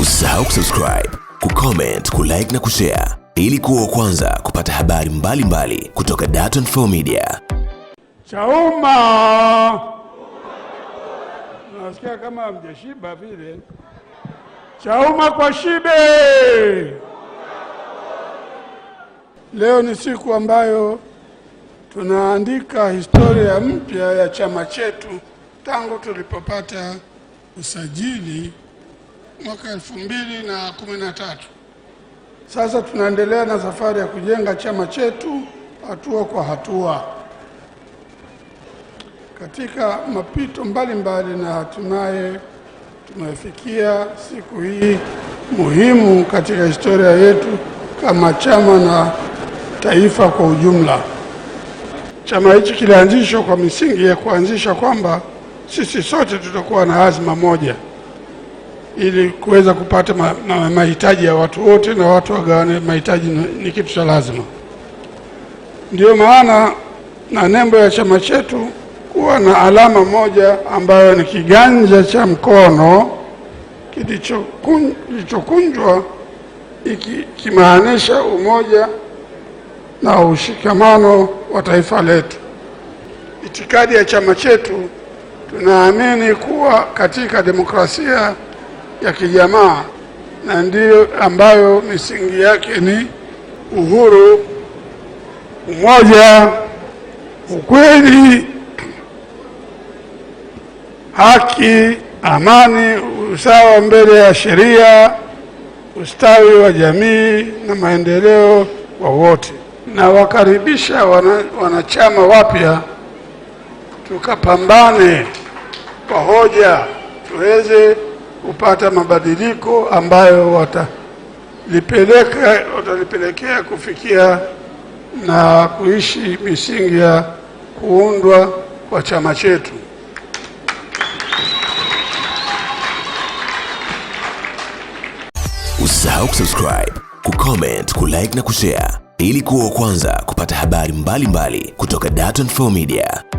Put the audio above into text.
Usisahau kusubscribe, kucomment, kulike na kushare ili kuwa kwanza kupata habari mbalimbali mbali kutoka Dar24 Media. Chauma, nasikia kama hamjashiba vile. Chauma kwa shibe. Leo ni siku ambayo tunaandika historia mpya ya chama chetu tangu tulipopata usajili mwaka elfu mbili na kumi na tatu. Sasa tunaendelea na safari ya kujenga chama chetu hatua kwa hatua katika mapito mbalimbali mbali, na hatimaye tumefikia siku hii muhimu katika historia yetu kama chama na taifa kwa ujumla. Chama hichi kilianzishwa kwa misingi ya kuanzisha kwamba sisi sote tutakuwa na azma moja ili kuweza kupata ma, mahitaji ya watu wote na watu wagawane mahitaji ni kitu cha lazima. Ndiyo maana na nembo ya chama chetu kuwa na alama moja ambayo ni kiganja cha mkono kilichokunjwa ikimaanisha umoja na ushikamano wa taifa letu. Itikadi ya chama chetu, tunaamini kuwa katika demokrasia ya kijamaa na ndiyo ambayo misingi yake ni uhuru, umoja, ukweli, haki, amani, usawa mbele ya sheria, ustawi wa jamii na maendeleo kwa wote. Nawakaribisha wanachama wapya, tukapambane kwa hoja tuweze kupata mabadiliko ambayo watalipeleka watalipelekea kufikia na kuishi misingi ya kuundwa kwa chama chetu. Usisahau kusubscribe, kucomment, kulike na kushare ili kuwa wa kwanza kupata habari mbalimbali mbali kutoka Dar24 Media.